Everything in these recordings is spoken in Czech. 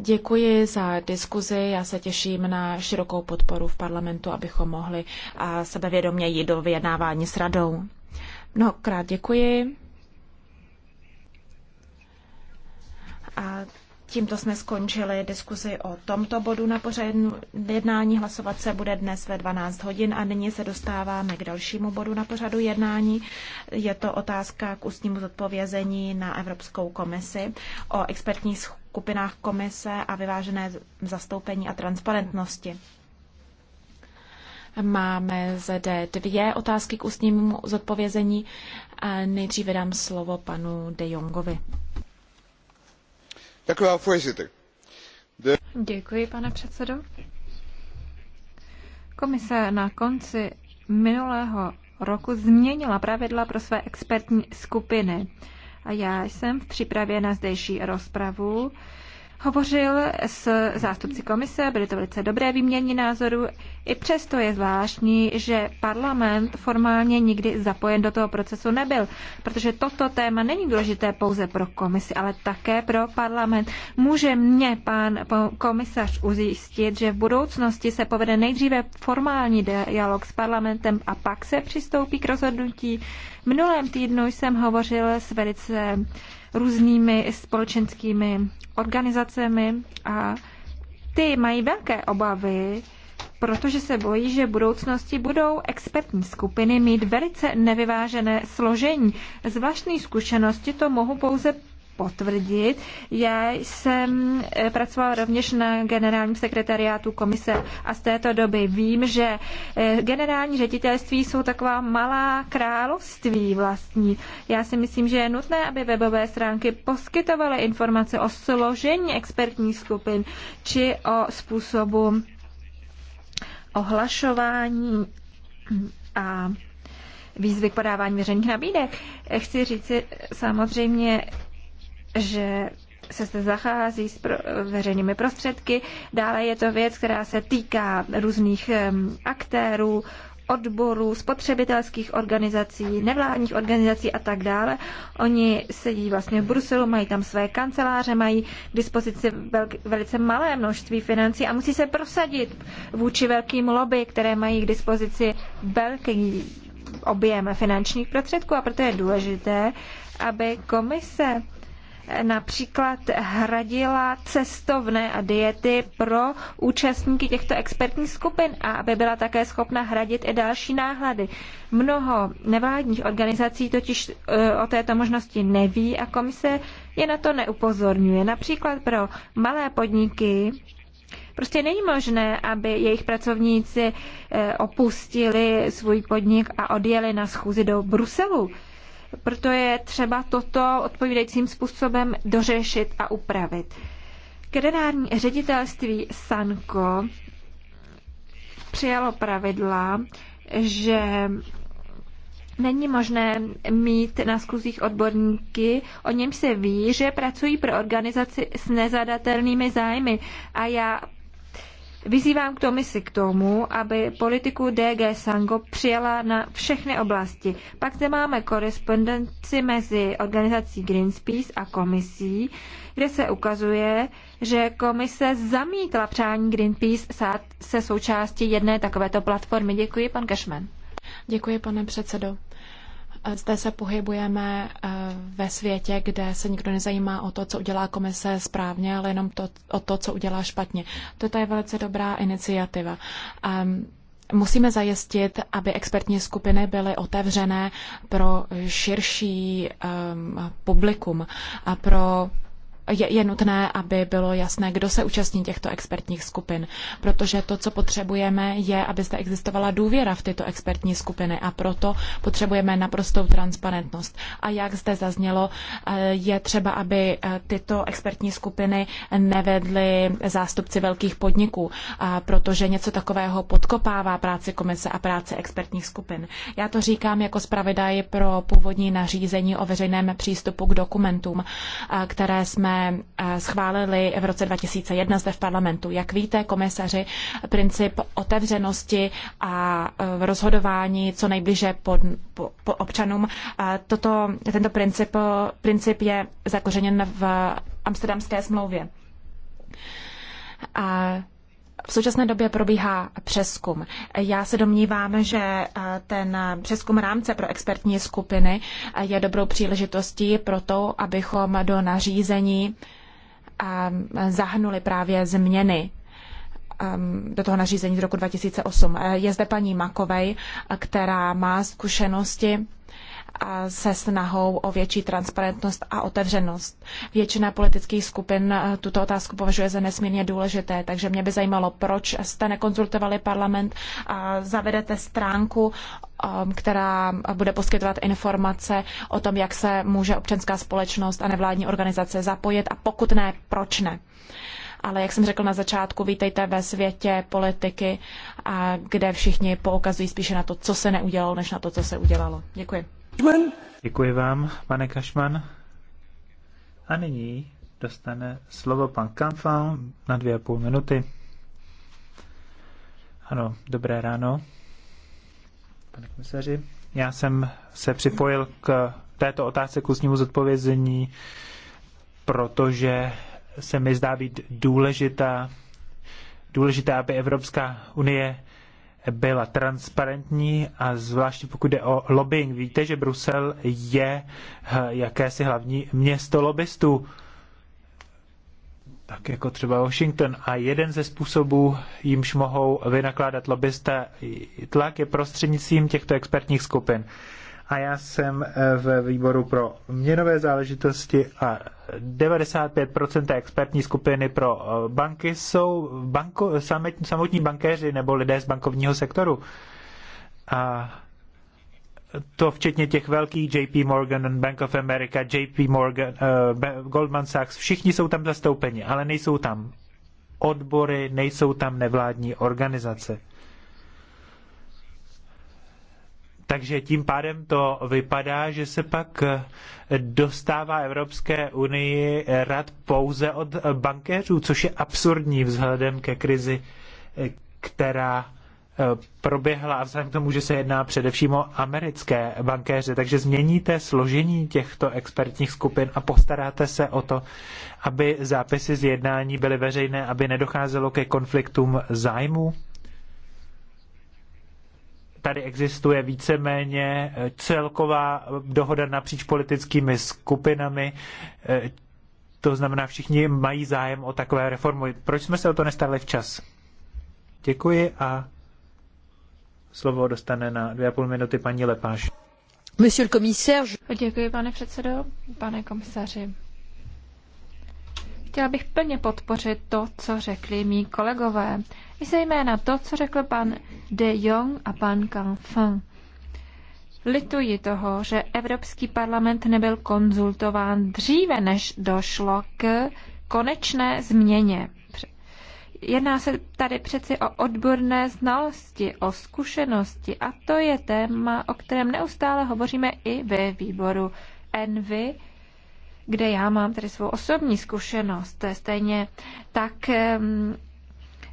Děkuji za diskuzi. Já se těším na širokou podporu v parlamentu, abychom mohli sebevědomě jít do vyjednávání s radou. Mnohokrát děkuji. A tímto jsme skončili diskuzi o tomto bodu na pořadu jednání. Hlasovat se bude dnes ve 12 hodin a nyní se dostáváme k dalšímu bodu na pořadu jednání. Je to otázka k ústnímu zodpovězení na Evropskou komisi o expertní schůzce skupinách komise a vyvážené zastoupení a transparentnosti. Máme zde dvě otázky k ústnímu zodpovězení. A nejdříve dám slovo panu De Jongovi. Děkuji, pane předsedo. Komise na konci minulého roku změnila pravidla pro své expertní skupiny. A já jsem v přípravě na zdejší rozpravu hovořil s zástupci komise, byly to velice dobré výměny názorů. I přesto je zvláštní, že parlament formálně nikdy zapojen do toho procesu nebyl, protože toto téma není důležité pouze pro komisi, ale také pro parlament. Může mě pan komisař uzjistit, že v budoucnosti se povede nejdříve formální dialog s parlamentem a pak se přistoupí k rozhodnutí. V minulém týdnu jsem hovořil s velice různými společenskými organizacemi a ty mají velké obavy, protože se bojí, že v budoucnosti budou expertní skupiny mít velice nevyvážené složení. Z vlastní zkušenosti to mohu pouze potvrdit. Já jsem eh, pracovala rovněž na generálním sekretariátu komise a z této doby vím, že eh, generální ředitelství jsou taková malá království vlastní. Já si myslím, že je nutné, aby webové stránky poskytovaly informace o složení expertních skupin či o způsobu ohlašování a výzvy k podávání veřejných nabídek. Chci říct samozřejmě, že se zde zachází s pro, veřejnými prostředky. Dále je to věc, která se týká různých um, aktérů, odborů, spotřebitelských organizací, nevládních organizací a tak dále. Oni sedí vlastně v Bruselu, mají tam své kanceláře, mají k dispozici velk, velice malé množství financí a musí se prosadit vůči velkým lobby, které mají k dispozici velký objem finančních prostředků a proto je důležité, aby komise například hradila cestovné a diety pro účastníky těchto expertních skupin a aby byla také schopna hradit i další náhlady. Mnoho nevládních organizací totiž e, o této možnosti neví a komise je na to neupozorňuje. Například pro malé podniky Prostě není možné, aby jejich pracovníci e, opustili svůj podnik a odjeli na schůzi do Bruselu. Proto je třeba toto odpovídajícím způsobem dořešit a upravit. Generální ředitelství Sanko přijalo pravidla, že není možné mít na skluzích odborníky, o něm se ví, že pracují pro organizaci s nezadatelnými zájmy. A já Vyzývám k komisi k tomu, aby politiku DG Sango přijala na všechny oblasti. Pak zde máme korespondenci mezi organizací Greenpeace a komisí, kde se ukazuje, že komise zamítla přání Greenpeace sát se součástí jedné takovéto platformy. Děkuji, pan Cashman. Děkuji, pane předsedo. Zde se pohybujeme eh, ve světě, kde se nikdo nezajímá o to, co udělá komise správně, ale jenom to, o to, co udělá špatně. Toto je velice dobrá iniciativa. Ehm, musíme zajistit, aby expertní skupiny byly otevřené pro širší um, publikum a pro je, je nutné, aby bylo jasné, kdo se účastní těchto expertních skupin, protože to, co potřebujeme, je, aby zde existovala důvěra v tyto expertní skupiny a proto potřebujeme naprostou transparentnost. A jak zde zaznělo, eh, je třeba, aby eh, tyto expertní skupiny nevedly zástupci velkých podniků, protože něco takového podkopává práci komise a práci expertních skupin. Já to říkám jako zpravidaj pro původní nařízení o veřejném přístupu k dokumentům, které jsme Eh, schválili v roce 2001 zde v parlamentu. Jak víte, komisaři, princip otevřenosti a eh, rozhodování co nejbliže pod, po, po občanům, eh, toto, tento princip, princip je zakořeněn v amsterdamské smlouvě. A v současné době probíhá přeskum. Já se domnívám, že eh, ten přeskum rámce pro expertní skupiny eh, je dobrou příležitostí pro to, abychom do nařízení eh, zahnuli právě změny do toho nařízení z roku 2008. Je zde paní Makovej, která má zkušenosti se snahou o větší transparentnost a otevřenost. Většina politických skupin eh, tuto otázku považuje za nesmírně důležité, takže mě by zajímalo, proč jste nekonzultovali parlament a zavedete stránku, eh, která bude poskytovat informace o tom, jak se může občanská společnost a nevládní organizace zapojit a pokud ne, proč ne ale jak jsem řekl na začátku, vítejte ve světě politiky, a kde všichni poukazují spíše na to, co se neudělalo, než na to, co se udělalo. Děkuji. Děkuji vám, pane Kašman. A nyní dostane slovo pan Kamfan na dvě a půl minuty. Ano, dobré ráno, pane komisaři. Já jsem se připojil k této otázce k ústnímu zodpovězení, protože se mi zdá být důležitá, důležitá aby Evropská unie byla transparentní a zvláště pokud jde o lobbying. Víte, že Brusel je eh, jakési hlavní město lobbystů, tak jako třeba Washington. A jeden ze způsobů, jimž mohou vynakládat lobbysté tlak, je prostřednictvím těchto expertních skupin a já jsem eh, v výboru pro měnové záležitosti a 95% expertní skupiny pro eh, banky jsou banko, samotní bankéři nebo lidé z bankovního sektoru. A to včetně těch velkých JP Morgan, Bank of America, JP Morgan, uh, Goldman Sachs, všichni jsou tam zastoupeni, ale nejsou tam odbory, nejsou tam nevládní organizace. Takže tím pádem to vypadá, že se pak eh, dostává Evropské unii eh, rad pouze od eh, bankéřů, což je absurdní vzhledem ke krizi, která proběhla a vzhledem k tomu, že se jedná především o americké bankéře. Takže změníte složení těchto expertních skupin a postaráte se o to, aby zápisy z jednání byly veřejné, aby nedocházelo ke konfliktům zájmů? tady existuje víceméně eh, celková dohoda napříč politickými skupinami, eh, to znamená, všichni mají zájem o takové reformy. Proč jsme se o to nestarli včas? Děkuji a slovo dostane na dvě a půl minuty paní Lepáš. Monsieur le commissaire. Děkuji, pane předsedo, pane komisaři. Chtěla bych plně podpořit to, co řekli mý kolegové. I zejména to, co řekl pan De Jong a pan Kang Feng. Lituji toho, že Evropský parlament nebyl konzultován dříve, než došlo k konečné změně. Jedná se tady přeci o odborné znalosti, o zkušenosti a to je téma, o kterém neustále hovoříme i ve výboru Envy kde já mám tedy svou osobní zkušenost. Stejně tak,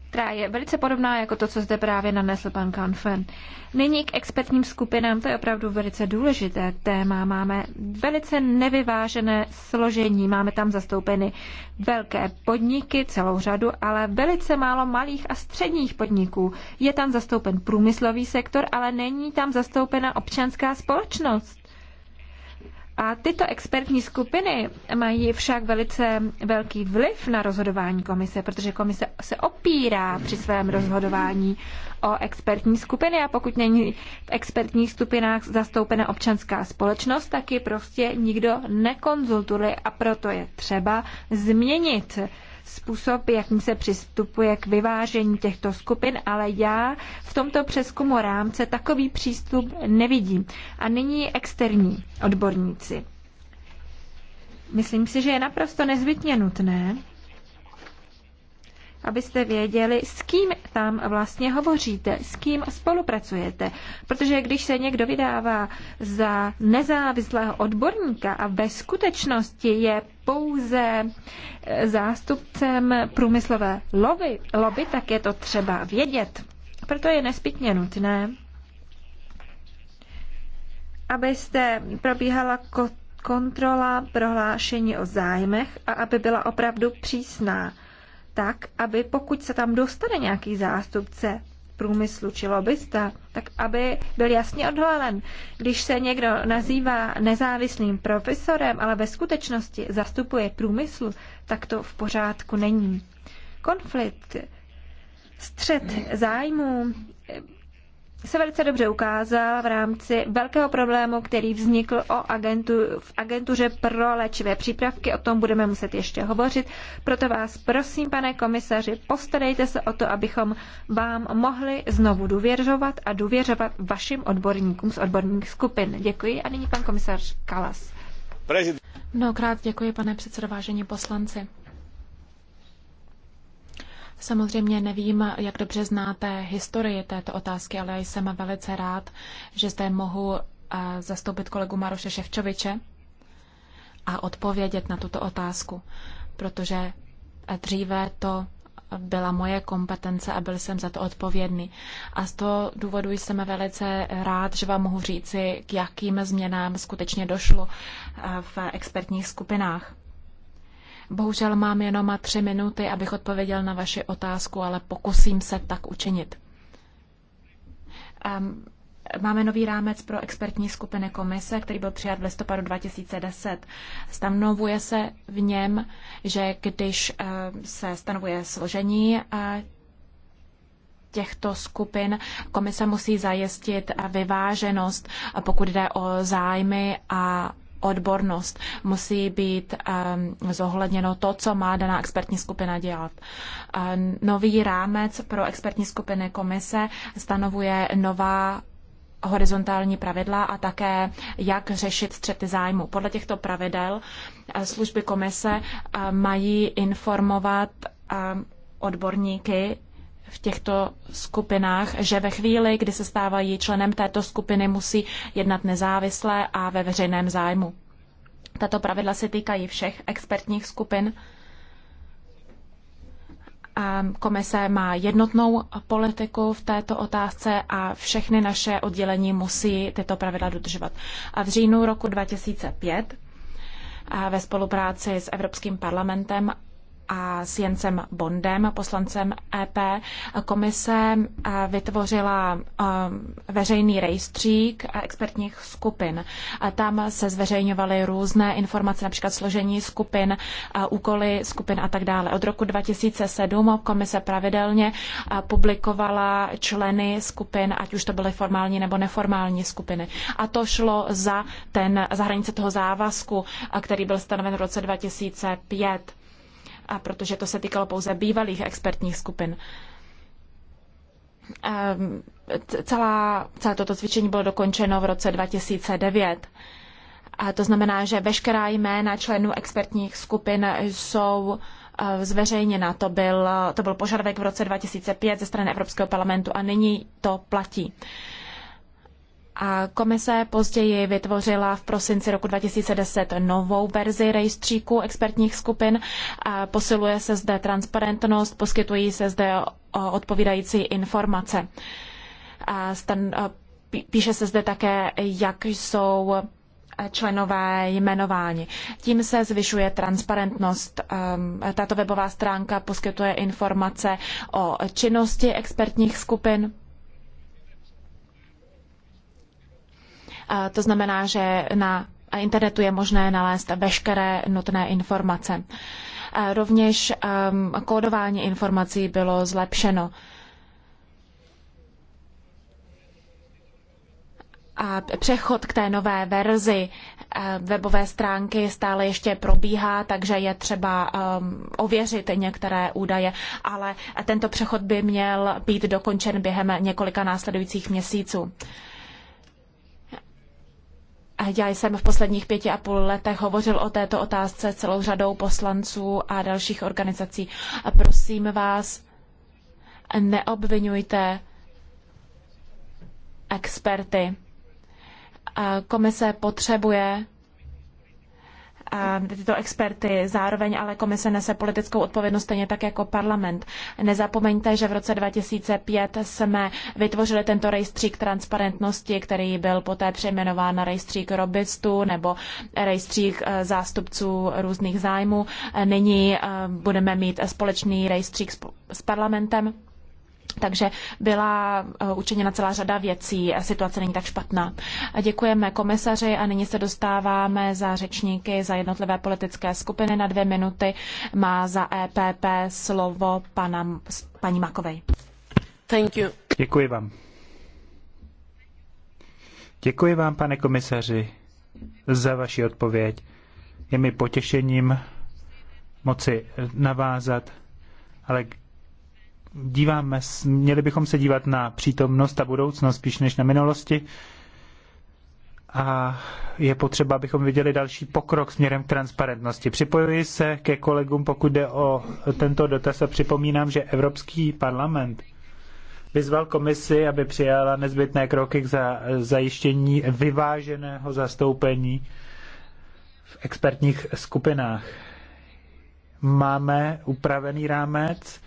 která je velice podobná jako to, co zde právě nanesl pan Kanfen. Nyní k expertním skupinám, to je opravdu velice důležité téma. Máme velice nevyvážené složení, máme tam zastoupeny velké podniky, celou řadu, ale velice málo malých a středních podniků. Je tam zastoupen průmyslový sektor, ale není tam zastoupena občanská společnost. A tyto expertní skupiny mají však velice velký vliv na rozhodování komise, protože komise se opírá při svém rozhodování o expertní skupiny a pokud není v expertních skupinách zastoupena občanská společnost, tak ji prostě nikdo nekonzultuje a proto je třeba změnit způsob, jakým se přistupuje k vyvážení těchto skupin, ale já v tomto přeskumu rámce takový přístup nevidím. A nyní externí odborníci. Myslím si, že je naprosto nezbytně nutné, abyste věděli, s kým tam vlastně hovoříte, s kým spolupracujete. Protože když se někdo vydává za nezávislého odborníka a ve skutečnosti je pouze eh, zástupcem průmyslové lobby, lobby tak je to třeba vědět. Proto je nespitně nutné, abyste probíhala kontrola prohlášení o zájmech a aby byla opravdu přísná tak, aby pokud se tam dostane nějaký zástupce průmyslu či lobbysta, tak aby byl jasně odhalen. Když se někdo nazývá nezávislým profesorem, ale ve skutečnosti zastupuje průmysl, tak to v pořádku není. Konflikt, střed zájmů se velice dobře ukázal v rámci velkého problému, který vznikl o agentu, v agentuře pro léčivé přípravky. O tom budeme muset ještě hovořit. Proto vás prosím, pane komisaři, postarejte se o to, abychom vám mohli znovu důvěřovat a důvěřovat vašim odborníkům z odborných skupin. Děkuji a nyní pan komisař Kalas. Prezident. Mnohokrát děkuji, pane předsedo, vážení poslanci. Samozřejmě nevím, jak dobře znáte historii této otázky, ale jsem velice rád, že zde mohu eh, zastoupit kolegu Maroše Ševčoviče a odpovědět na tuto otázku, protože eh, dříve to byla moje kompetence a byl jsem za to odpovědný. A z toho důvodu jsem velice rád, že vám mohu říci, k jakým změnám skutečně došlo eh, v expertních skupinách. Bohužel mám jenom tři minuty, abych odpověděl na vaši otázku, ale pokusím se tak učinit. Um, Máme nový rámec pro expertní skupiny komise, který byl přijat v listopadu 2010. Stanovuje se v něm, že když ehm, se stanovuje složení eh, těchto skupin, komise musí zajistit eh, vyváženost, eh, pokud jde o zájmy a odbornost. Musí být zohledněno to, co má daná expertní skupina dělat. Nový rámec pro expertní skupiny komise stanovuje nová horizontální pravidla a také jak řešit střety zájmu. Podle těchto pravidel eh, služby komise eh, mají informovat odborníky v těchto skupinách, že ve chvíli, kdy se stávají členem této skupiny, musí jednat nezávisle a ve veřejném zájmu. Tato pravidla se týkají všech expertních skupin. A komise má jednotnou politiku v této otázce a všechny naše oddělení musí tyto pravidla dodržovat. A v říjnu roku 2005 a ve spolupráci s Evropským parlamentem a s Jencem Bondem, poslancem EP. Komise eh, vytvořila eh, veřejný rejstřík expertních skupin. Tam se zveřejňovaly různé informace, například složení skupin, eh, úkoly skupin a tak dále. Od roku 2007 komise pravidelně publikovala členy skupin, ať už to byly formální nebo neformální skupiny. A to šlo za, ten, za hranice toho závazku, který byl stanoven v roce 2005 a protože to se týkalo pouze bývalých expertních skupin. Ehm, celá, celé toto cvičení bylo dokončeno v roce 2009. A to znamená, že veškerá jména členů expertních skupin jsou eh, zveřejněna. To byl, to byl požadavek v roce 2005 ze strany Evropského parlamentu a nyní to platí. Uh, a komise později vytvořila v prosinci roku 2010 novou verzi rejstříku expertních skupin. A posiluje se zde transparentnost, poskytují se zde odpovídající informace. A stan, píše se zde také, jak jsou členové jmenováni. Tím se zvyšuje transparentnost. Ehm, tato webová stránka poskytuje informace o činnosti expertních skupin To znamená, že na internetu je možné nalézt veškeré nutné informace. Rovněž um, kódování informací bylo zlepšeno. A přechod k té nové verzi eh, webové stránky stále ještě probíhá, takže je třeba ehm, ověřit některé údaje, ale tento přechod by měl být dokončen během několika následujících měsíců. Já jsem v posledních pěti a půl letech hovořil o této otázce celou řadou poslanců a dalších organizací. A prosím vás, neobvinujte experty. Komise potřebuje tyto experty. Zároveň ale komise nese politickou odpovědnost stejně tak jako parlament. Nezapomeňte, že v roce 2005 jsme vytvořili tento rejstřík transparentnosti, který byl poté přejmenován na rejstřík robistů nebo rejstřík eh, zástupců různých zájmů. Nyní eh, budeme mít společný rejstřík s parlamentem. Takže byla eh, učiněna celá řada věcí, situace není tak špatná. Děkujeme komisaři a nyní se dostáváme za řečníky za jednotlivé politické skupiny. Na dvě minuty má za EPP slovo pana, paní Makovej. Thank you. Děkuji vám. Děkuji vám, pane komisaři, za vaši odpověď. Je mi potěšením moci navázat, ale díváme, měli bychom se dívat na přítomnost a budoucnost spíš než na minulosti. A je potřeba, abychom viděli další pokrok směrem k transparentnosti. Připojuji se ke kolegům, pokud jde o tento dotaz a připomínám, že Evropský parlament vyzval komisi, aby přijala nezbytné kroky k za, zajištění vyváženého zastoupení v expertních skupinách. Máme upravený rámec,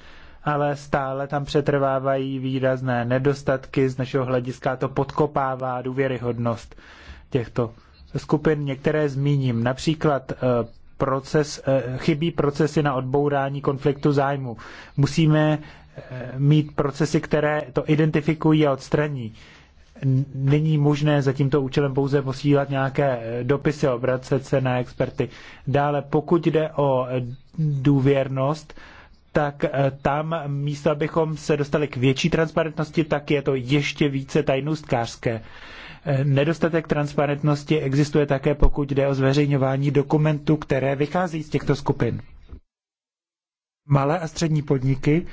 ale stále tam přetrvávají výrazné nedostatky z našeho hlediska to podkopává důvěryhodnost těchto skupin. Některé zmíním, například eh, proces, eh, chybí procesy na odbourání konfliktu zájmu. Musíme eh, mít procesy, které to identifikují a odstraní. Není možné za tímto účelem pouze posílat nějaké dopisy, obracet se na experty. Dále, pokud jde o důvěrnost, tak eh, tam místo, abychom se dostali k větší transparentnosti, tak je to ještě více tajnůstkářské. Eh, nedostatek transparentnosti existuje také, pokud jde o zveřejňování dokumentů, které vychází z těchto skupin. Malé a střední podniky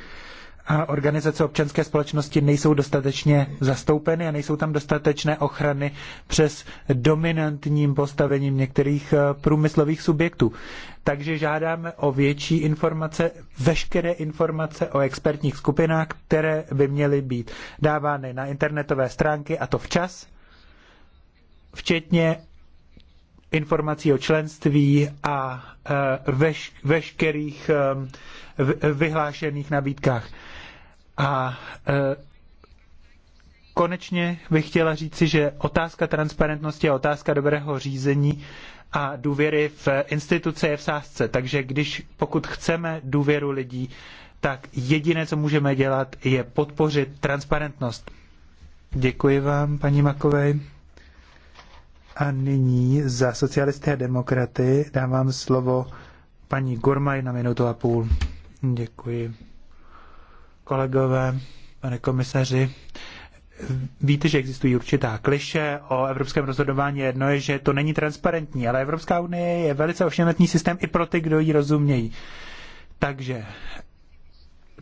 a organizace občanské společnosti nejsou dostatečně zastoupeny a nejsou tam dostatečné ochrany přes dominantním postavením některých eh, průmyslových subjektů. Takže žádáme o větší informace, veškeré informace o expertních skupinách, které by měly být dávány na internetové stránky a to včas, včetně informací o členství a eh, veš, veškerých eh, vyhlášených nabídkách. A e, konečně bych chtěla říci, že otázka transparentnosti a otázka dobrého řízení a důvěry v instituce je v sázce. Takže když, pokud chceme důvěru lidí, tak jediné, co můžeme dělat, je podpořit transparentnost. Děkuji vám, paní Makovej. A nyní za socialisté a demokraty dávám slovo paní Gormaj na minutu a půl. Děkuji. Kolegové, pane komisaři, víte, že existují určitá kliše o evropském rozhodování. Jedno je, že to není transparentní, ale Evropská unie je velice ošemetný systém i pro ty, kdo ji rozumějí. Takže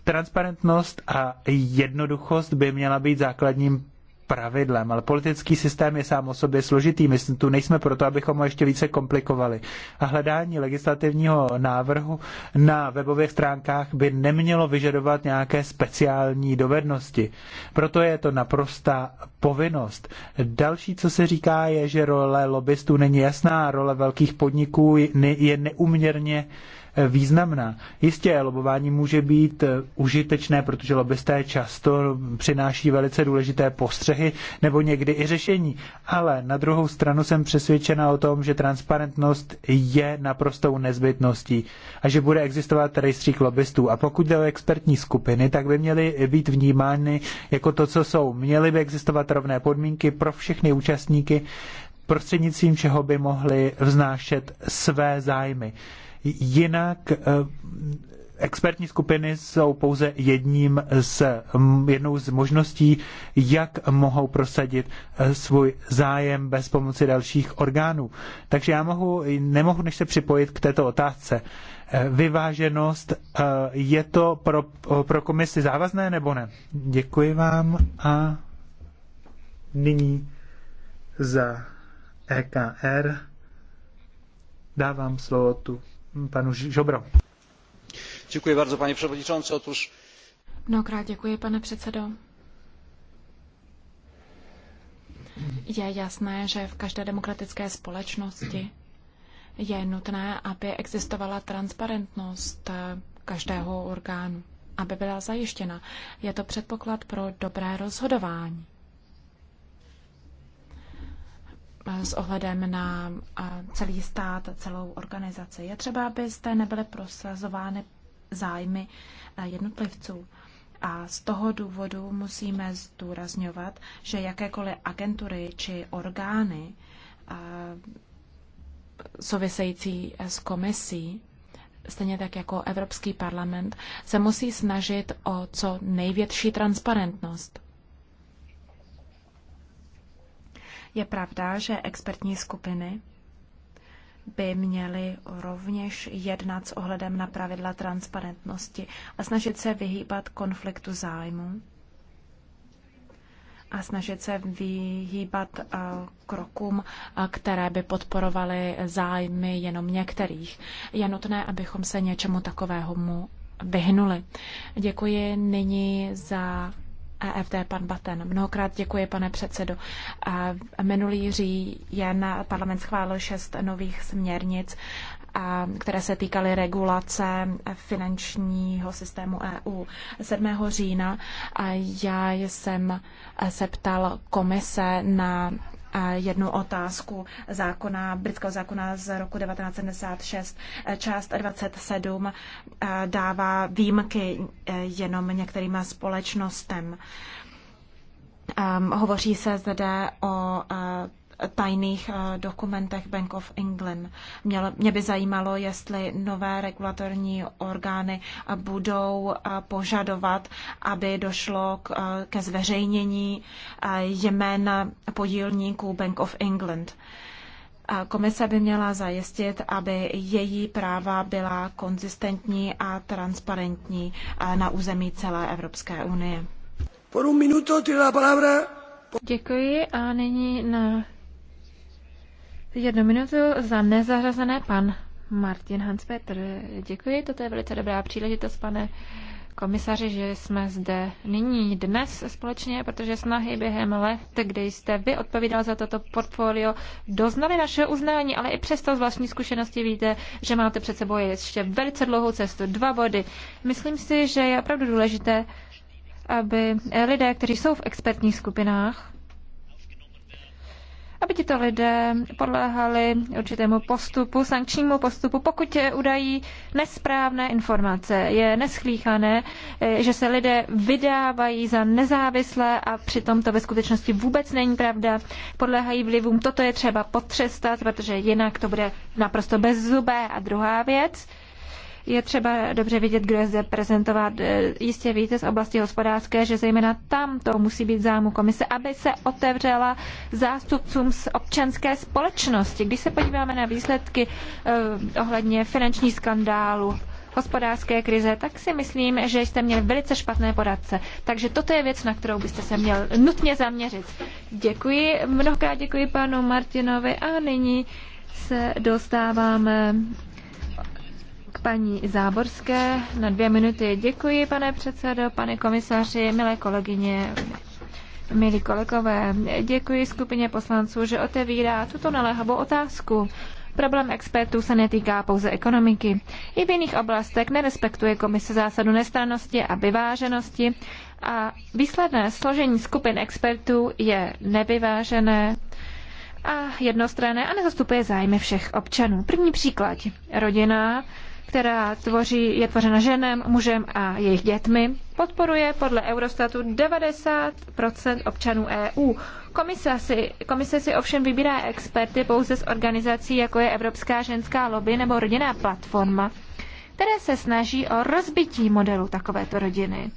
transparentnost a jednoduchost by měla být základním pravidlem, ale politický systém je sám o sobě složitý. My tu nejsme proto, abychom ho ještě více komplikovali. A hledání legislativního návrhu na webových stránkách by nemělo vyžadovat nějaké speciální dovednosti. Proto je to naprostá povinnost. Další, co se říká, je, že role lobbystů není jasná, role velkých podniků je neuměrně významná. Jistě, lobování může být eh, užitečné, protože lobbysté často přináší velice důležité postřehy nebo někdy i řešení. Ale na druhou stranu jsem přesvědčena o tom, že transparentnost je naprostou nezbytností a že bude existovat rejstřík lobbystů. A pokud jde o expertní skupiny, tak by měly být vnímány jako to, co jsou. Měly by existovat rovné podmínky pro všechny účastníky, prostřednictvím čeho by mohli vznášet své zájmy. Jinak eh, expertní skupiny jsou pouze jedním z, jednou z možností, jak mohou prosadit eh, svůj zájem bez pomoci dalších orgánů. Takže já mohu, nemohu než se připojit k této otázce. Eh, vyváženost, je to pro, pro komisi závazné nebo ne? Děkuji vám a nyní za EKR dávám slovo tu panu Žobro. Děkuji bardzo, pane předsedající. Otóż... Mnohokrát děkuji, pane předsedo. Je jasné, že v každé demokratické společnosti je nutné, aby existovala transparentnost eh, každého orgánu, aby byla zajištěna. Je to předpoklad pro dobré rozhodování. s ohledem na celý stát, a celou organizaci. Je třeba, aby zde nebyly prosazovány zájmy e, jednotlivců. A z toho důvodu musíme zdůrazňovat, že jakékoliv agentury či orgány související e, s komisí, stejně tak jako Evropský parlament, se musí snažit o co největší transparentnost. Je pravda, že expertní skupiny by měly rovněž jednat s ohledem na pravidla transparentnosti a snažit se vyhýbat konfliktu zájmu a snažit se vyhýbat eh, krokům, eh, které by podporovaly zájmy jenom některých. Je nutné, abychom se něčemu takovému vyhnuli. Děkuji nyní za EFD, pan Baten. Mnohokrát děkuji, pane předsedo. Minulý říjen parlament schválil šest nových směrnic, které se týkaly regulace finančního systému EU. 7. října já jsem se ptal komise na jednu otázku zákona, britského zákona z roku 1976. Část 27 eh, dává výjimky eh, jenom některým společnostem. Ehm, hovoří se zde o eh, tajných eh, dokumentech Bank of England. Mělo, mě by zajímalo, jestli nové regulatorní orgány eh, budou eh, požadovat, aby došlo k, ke zveřejnění jména podílníků Bank of England. Komise by měla zajistit, aby její práva byla konzistentní a transparentní na území celé Evropské unie. Por un minuto tiene la palabra. Děkuji a nyní na Jednu minutu za nezařazené pan Martin Hans-Petr. Děkuji, toto je velice dobrá příležitost, pane komisaři, že jsme zde nyní dnes společně, protože snahy během let, kde jste vy odpovídal za toto portfolio, doznali naše uznání, ale i přesto z vlastní zkušenosti víte, že máte před sebou ještě velice dlouhou cestu, dva body. Myslím si, že je opravdu důležité, aby lidé, kteří jsou v expertních skupinách, aby tito lidé podléhali určitému postupu, sankčnímu postupu, pokud je udají nesprávné informace. Je neschlíchané, eh, že se lidé vydávají za nezávislé a přitom to ve skutečnosti vůbec není pravda. Podléhají vlivům. Toto je třeba potřestat, protože jinak to bude naprosto bezzubé. A druhá věc, je třeba dobře vidět, kdo je zde prezentovat. E, jistě víte z oblasti hospodářské, že zejména tam to musí být zájmu komise, aby se otevřela zástupcům z občanské společnosti. Když se podíváme na výsledky e, ohledně finanční skandálu, hospodářské krize, tak si myslím, že jste měli velice špatné poradce. Takže toto je věc, na kterou byste se měl nutně zaměřit. Děkuji, mnohokrát děkuji panu Martinovi a nyní se dostáváme paní Záborské na dvě minuty. Děkuji, pane předsedo, pane komisaři, milé kolegyně, milí kolegové. Děkuji skupině poslanců, že otevírá tuto naléhavou otázku. Problém expertů se netýká pouze ekonomiky. I v jiných oblastech nerespektuje komise zásadu nestrannosti a vyváženosti a výsledné složení skupin expertů je nevyvážené a jednostranné a nezastupuje zájmy všech občanů. První příklad. Rodina která tvoří, je tvořena ženem, mužem a jejich dětmi, podporuje podle Eurostatu 90 občanů EU. Komise si, komise si ovšem vybírá experty pouze z organizací, jako je Evropská ženská lobby nebo Rodinná platforma, které se snaží o rozbití modelu takovéto rodiny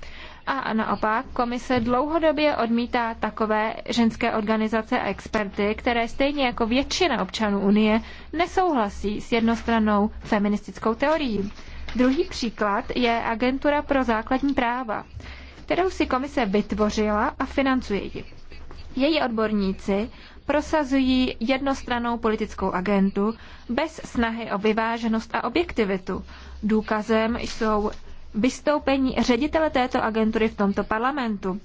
a naopak komise dlouhodobě odmítá takové ženské organizace a experty, které stejně jako většina občanů Unie nesouhlasí s jednostrannou feministickou teorií. Druhý příklad je Agentura pro základní práva, kterou si komise vytvořila a financuje ji. Její odborníci prosazují jednostranou politickou agentu bez snahy o vyváženost a objektivitu. Důkazem jsou vystoupení ředitele této agentury v tomto parlamentu.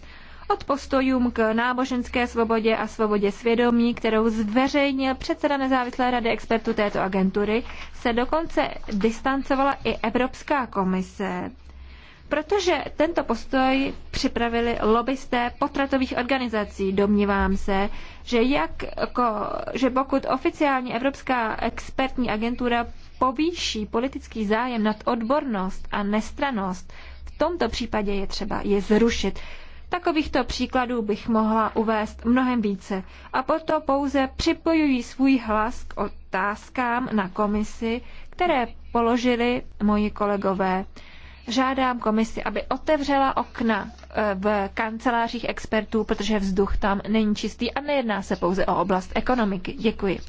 Od postojům k náboženské svobodě a svobodě svědomí, kterou zveřejnil předseda nezávislé rady expertů této agentury, se dokonce distancovala i Evropská komise. Protože tento postoj připravili lobbysté potratových organizací, domnívám se, že, jak, jako, že pokud oficiální Evropská expertní agentura povýší politický zájem nad odbornost a nestranost, v tomto případě je třeba je zrušit. Takovýchto příkladů bych mohla uvést mnohem více. A proto pouze připojuji svůj hlas k otázkám na komisi, které položili moji kolegové. Žádám komisi, aby otevřela okna e, v kancelářích expertů, protože vzduch tam není čistý a nejedná se pouze o oblast ekonomiky. Děkuji.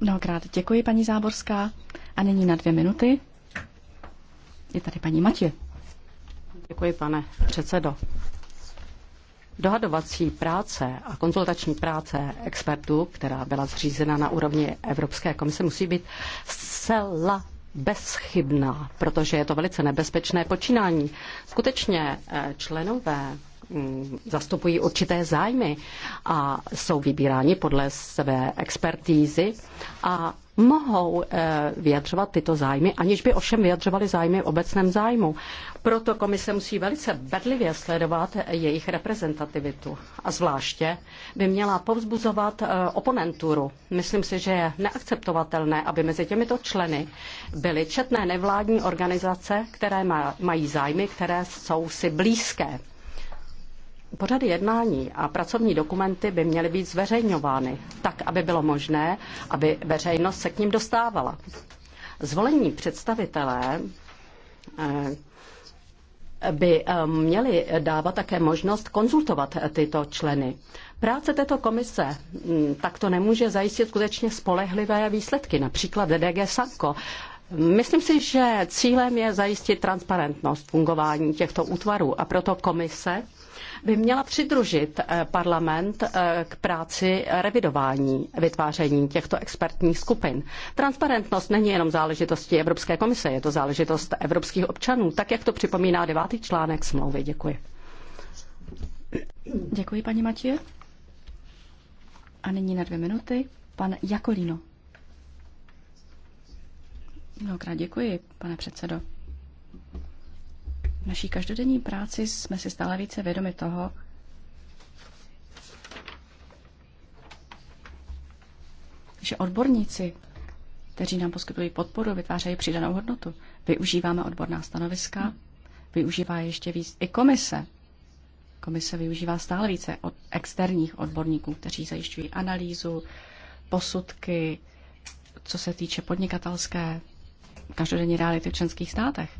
Mnohokrát děkuji, paní Záborská. A nyní na dvě minuty je tady paní Matě. Děkuji, pane předsedo. Dohadovací práce a konzultační práce expertů, která byla zřízena na úrovni Evropské komise, musí být zcela bezchybná, protože je to velice nebezpečné počínání. Skutečně eh, členové Mm, zastupují určité zájmy a jsou vybíráni podle své expertízy a mohou eh, vyjadřovat tyto zájmy, aniž by ovšem vyjadřovali zájmy v obecném zájmu. Proto komise musí velice bedlivě sledovat jejich reprezentativitu a zvláště by měla povzbuzovat eh, oponenturu. Myslím si, že je neakceptovatelné, aby mezi těmito členy byly četné nevládní organizace, které mají zájmy, které jsou si blízké. Pořady jednání a pracovní dokumenty by měly být zveřejňovány tak, aby bylo možné, aby veřejnost se k ním dostávala. Zvolení představitelé eh, by eh, měli dávat také možnost konzultovat tyto členy. Práce této komise hm, takto nemůže zajistit skutečně spolehlivé výsledky, například DDG Sanko. Myslím si, že cílem je zajistit transparentnost fungování těchto útvarů a proto komise by měla přidružit eh, parlament eh, k práci revidování vytváření těchto expertních skupin. Transparentnost není jenom záležitostí Evropské komise, je to záležitost evropských občanů, tak jak to připomíná devátý článek smlouvy. Děkuji. Děkuji, paní Matě. A nyní na dvě minuty pan Jakolino. Mnohokrát děkuji, pane předsedo. V naší každodenní práci jsme si stále více vědomi toho, že odborníci, kteří nám poskytují podporu, vytvářejí přidanou hodnotu. Využíváme odborná stanoviska, využívá ještě víc i komise. Komise využívá stále více od externích odborníků, kteří zajišťují analýzu, posudky, co se týče podnikatelské každodenní reality v členských státech.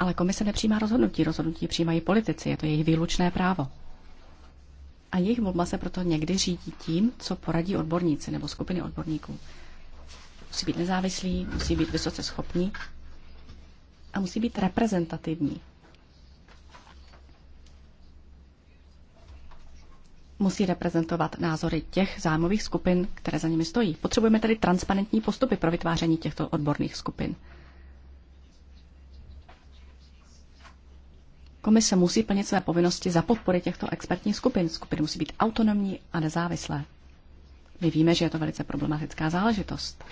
Ale komise nepřijímá rozhodnutí, rozhodnutí přijímají politici, je to jejich výlučné právo. A jejich volba se proto někdy řídí tím, co poradí odborníci nebo skupiny odborníků. Musí být nezávislí, musí být vysoce schopní a musí být reprezentativní. Musí reprezentovat názory těch zájmových skupin, které za nimi stojí. Potřebujeme tedy transparentní postupy pro vytváření těchto odborných skupin. Komise musí plnit své povinnosti za podpory těchto expertních skupin. Skupiny musí být autonomní a nezávislé. My víme, že je to velice problematická záležitost.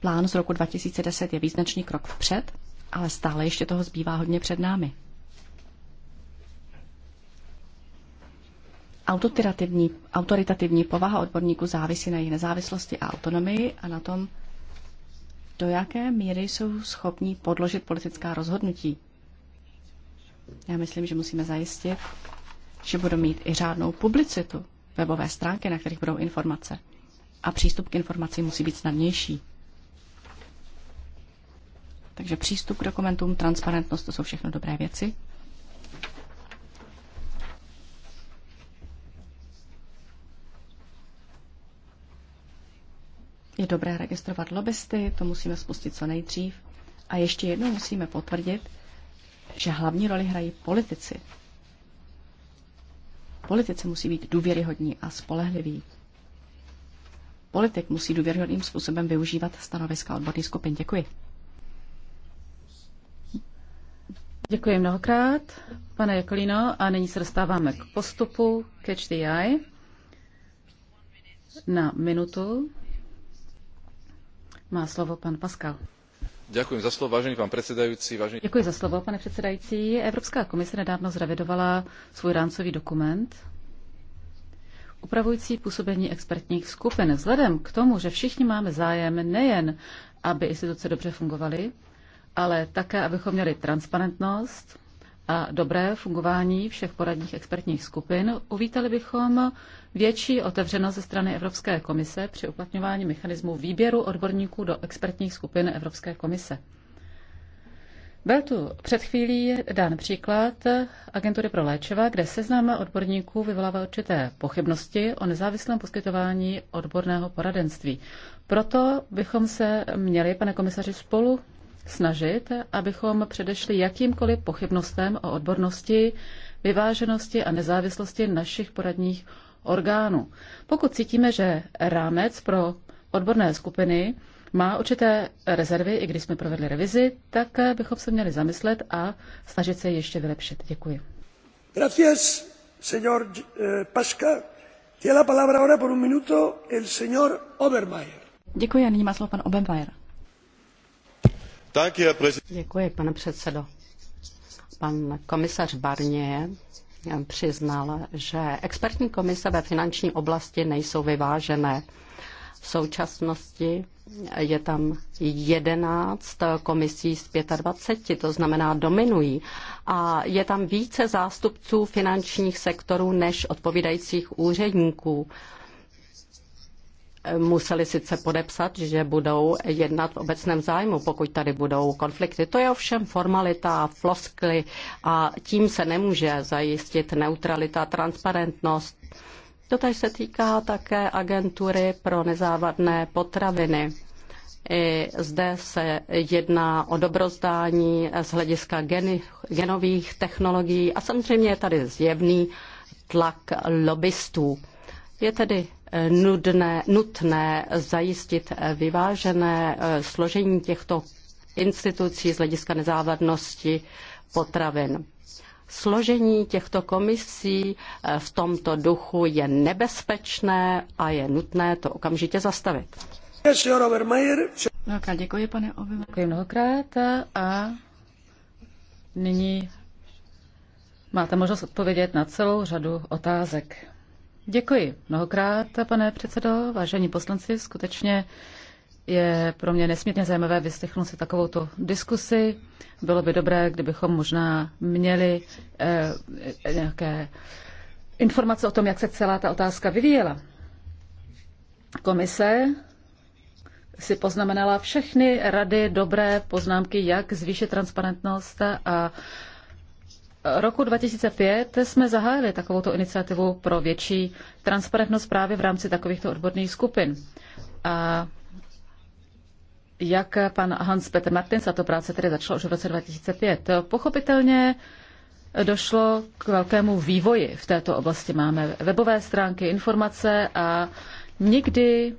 Plán z roku 2010 je význačný krok vpřed, ale stále ještě toho zbývá hodně před námi. autoritativní povaha odborníků závisí na jejich nezávislosti a autonomii a na tom, do jaké míry jsou schopní podložit politická rozhodnutí. Já myslím, že musíme zajistit, že budou mít i řádnou publicitu, webové stránky, na kterých budou informace. A přístup k informacím musí být snadnější. Takže přístup k dokumentům, transparentnost, to jsou všechno dobré věci. Je dobré registrovat lobbysty, to musíme spustit co nejdřív. A ještě jednou musíme potvrdit, že hlavní roli hrají politici. Politici musí být důvěryhodní a spolehliví. Politik musí důvěryhodným způsobem využívat stanoviska odborných skupin. Děkuji. Děkuji mnohokrát, pane Jakolino, a nyní se dostáváme k postupu Catch the Eye na minutu. Má slovo pan Pascal. Děkuji za slovo, vážený pan předsedající. Vážený... Děkuji za slovo, pane předsedající. Evropská komise nedávno zrevidovala svůj rámcový dokument upravující působení expertních skupin. Vzhledem k tomu, že všichni máme zájem nejen, aby instituce dobře fungovaly, ale také, abychom měli transparentnost, a dobré fungování všech poradních expertních skupin, uvítali bychom větší otevřenost ze strany Evropské komise při uplatňování mechanismu výběru odborníků do expertních skupin Evropské komise. Byl tu před chvílí dán příklad agentury pro léčiva, kde seznam odborníků vyvolává určité pochybnosti o nezávislém poskytování odborného poradenství. Proto bychom se měli, pane komisaři, spolu snažit, abychom předešli jakýmkoliv pochybnostem o odbornosti, vyváženosti a nezávislosti našich poradních orgánů. Pokud cítíme, že rámec pro odborné skupiny má určité rezervy, i když jsme provedli revizi, tak bychom se měli zamyslet a snažit se ještě vylepšit. Děkuji. Gracias, señor eh, Pasca. Tiene la palabra ahora por un minuto el señor Obermeier. Děkuji a nyní má slovo pan Obermeier. Děkuji, pane předsedo. Pan komisař Barnier přiznal, že expertní komise ve finanční oblasti nejsou vyvážené. V současnosti je tam 11 komisí z 25, to znamená dominují. A je tam více zástupců finančních sektorů než odpovídajících úředníků museli sice podepsat, že budou jednat v obecném zájmu, pokud tady budou konflikty. To je ovšem formalita, floskly a tím se nemůže zajistit neutralita, transparentnost. Totež se týká také agentury pro nezávadné potraviny. I zde se jedná o dobrozdání z hlediska geny, genových technologií a samozřejmě je tady zjevný tlak lobbystů. Je tedy nudné, nutné zajistit vyvážené eh, složení těchto institucí z hlediska nezávadnosti potravin. Složení těchto komisí eh, v tomto duchu je nebezpečné a je nutné to okamžitě zastavit. Mnohokrát děkuji, pane Obermajer. Děkuji mnohokrát a nyní máte možnost odpovědět na celou řadu otázek. Děkuji mnohokrát, pane předsedo. Vážení poslanci, skutečně je pro mě nesmírně zajímavé vyslechnout si takovouto diskusi. Bylo by dobré, kdybychom možná měli eh, nějaké informace o tom, jak se celá ta otázka vyvíjela. Komise si poznamenala všechny rady, dobré poznámky, jak zvýšit transparentnost a roku 2005 jsme zahájili takovouto iniciativu pro větší transparentnost právě v rámci takovýchto odborných skupin. A jak pan Hans Peter Martins, a to práce tedy začala už v roce 2005. Pochopitelně došlo k velkému vývoji v této oblasti. Máme webové stránky, informace a nikdy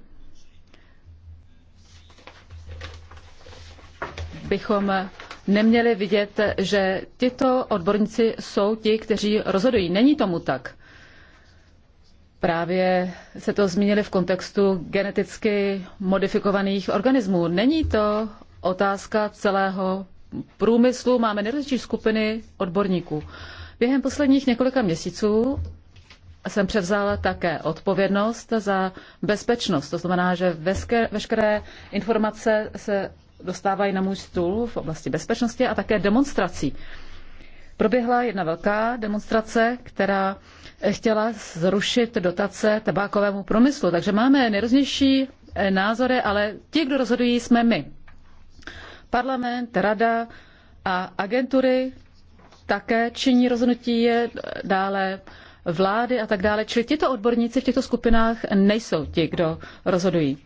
bychom neměli vidět, že tyto odborníci jsou ti, kteří rozhodují. Není tomu tak. Právě se to zmínili v kontextu geneticky modifikovaných organismů. Není to otázka celého průmyslu. Máme nejrůznější skupiny odborníků. Během posledních několika měsíců jsem převzal také odpovědnost za bezpečnost. To znamená, že veškeré informace se dostávají na můj stůl v oblasti bezpečnosti a také demonstrací. Proběhla jedna velká demonstrace, která chtěla zrušit dotace tabákovému průmyslu. Takže máme nejrůznější eh, názory, ale ti, kdo rozhodují, jsme my. Parlament, rada a agentury také činí rozhodnutí je dále vlády a tak dále. Čili tito odborníci v těchto skupinách nejsou ti, kdo rozhodují.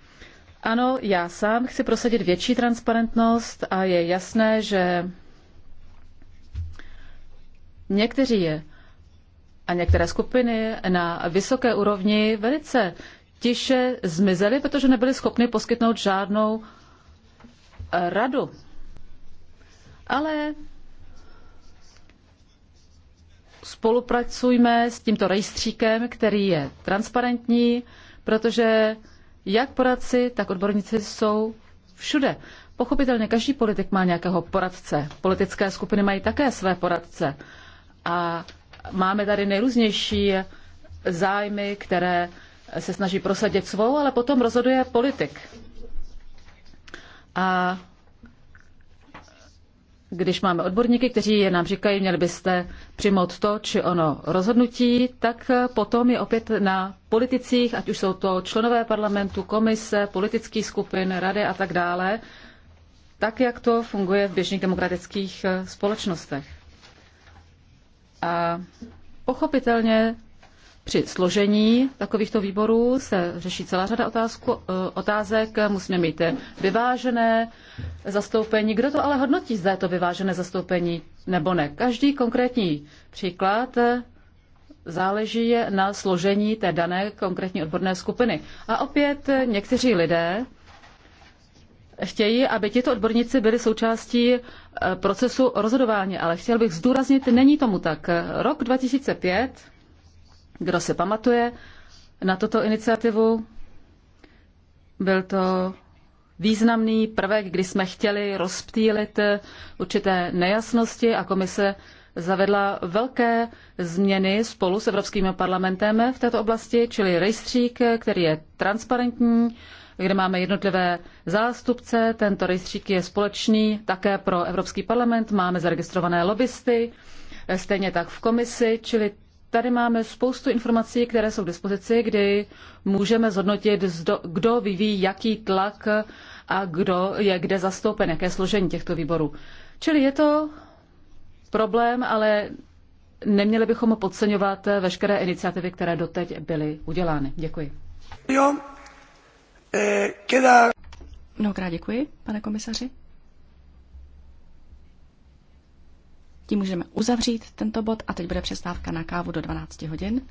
Ano, já sám chci prosadit větší transparentnost a je jasné, že někteří je a některé skupiny na vysoké úrovni velice tiše zmizely, protože nebyly schopny poskytnout žádnou radu. Ale spolupracujme s tímto rejstříkem, který je transparentní, protože jak poradci, tak odborníci jsou všude. Pochopitelně každý politik má nějakého poradce. Politické skupiny mají také své poradce. A máme tady nejrůznější zájmy, které se snaží prosadit svou, ale potom rozhoduje politik. A když máme odborníky, kteří nám říkají, měli byste přijmout to či ono rozhodnutí, tak potom je opět na politicích, ať už jsou to členové parlamentu, komise, politických skupin, rady a tak dále, tak jak to funguje v běžných demokratických společnostech. A pochopitelně při složení takovýchto výborů se řeší celá řada otázku, eh, otázek. Musíme mít vyvážené zastoupení. Kdo to ale hodnotí, zda je to vyvážené zastoupení nebo ne? Každý konkrétní příklad eh, záleží na složení té dané konkrétní odborné skupiny. A opět eh, někteří lidé chtějí, aby tito odborníci byli součástí procesu rozhodování, ale chtěl bych zdůraznit, není tomu tak. Rok 2005 kdo se pamatuje na tuto iniciativu? Byl to významný prvek, kdy jsme chtěli rozptýlit určité nejasnosti a komise zavedla velké změny spolu s Evropským parlamentem v této oblasti, čili rejstřík, který je transparentní, kde máme jednotlivé zástupce. Tento rejstřík je společný také pro Evropský parlament, máme zaregistrované lobbysty, stejně tak v komisi, čili Tady máme spoustu informací, které jsou k dispozici, kdy můžeme zhodnotit, kdo vyvíjí jaký tlak a kdo je kde zastoupen, jaké složení těchto výborů. Čili je to problém, ale neměli bychom podceňovat veškeré iniciativy, které doteď byly udělány. Děkuji. Jo, eh, Mnohokrát děkuji, pane komisaři. Tím můžeme uzavřít tento bod a teď bude přestávka na kávu do 12 hodin,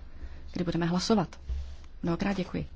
kdy budeme hlasovat. Mnohokrát děkuji.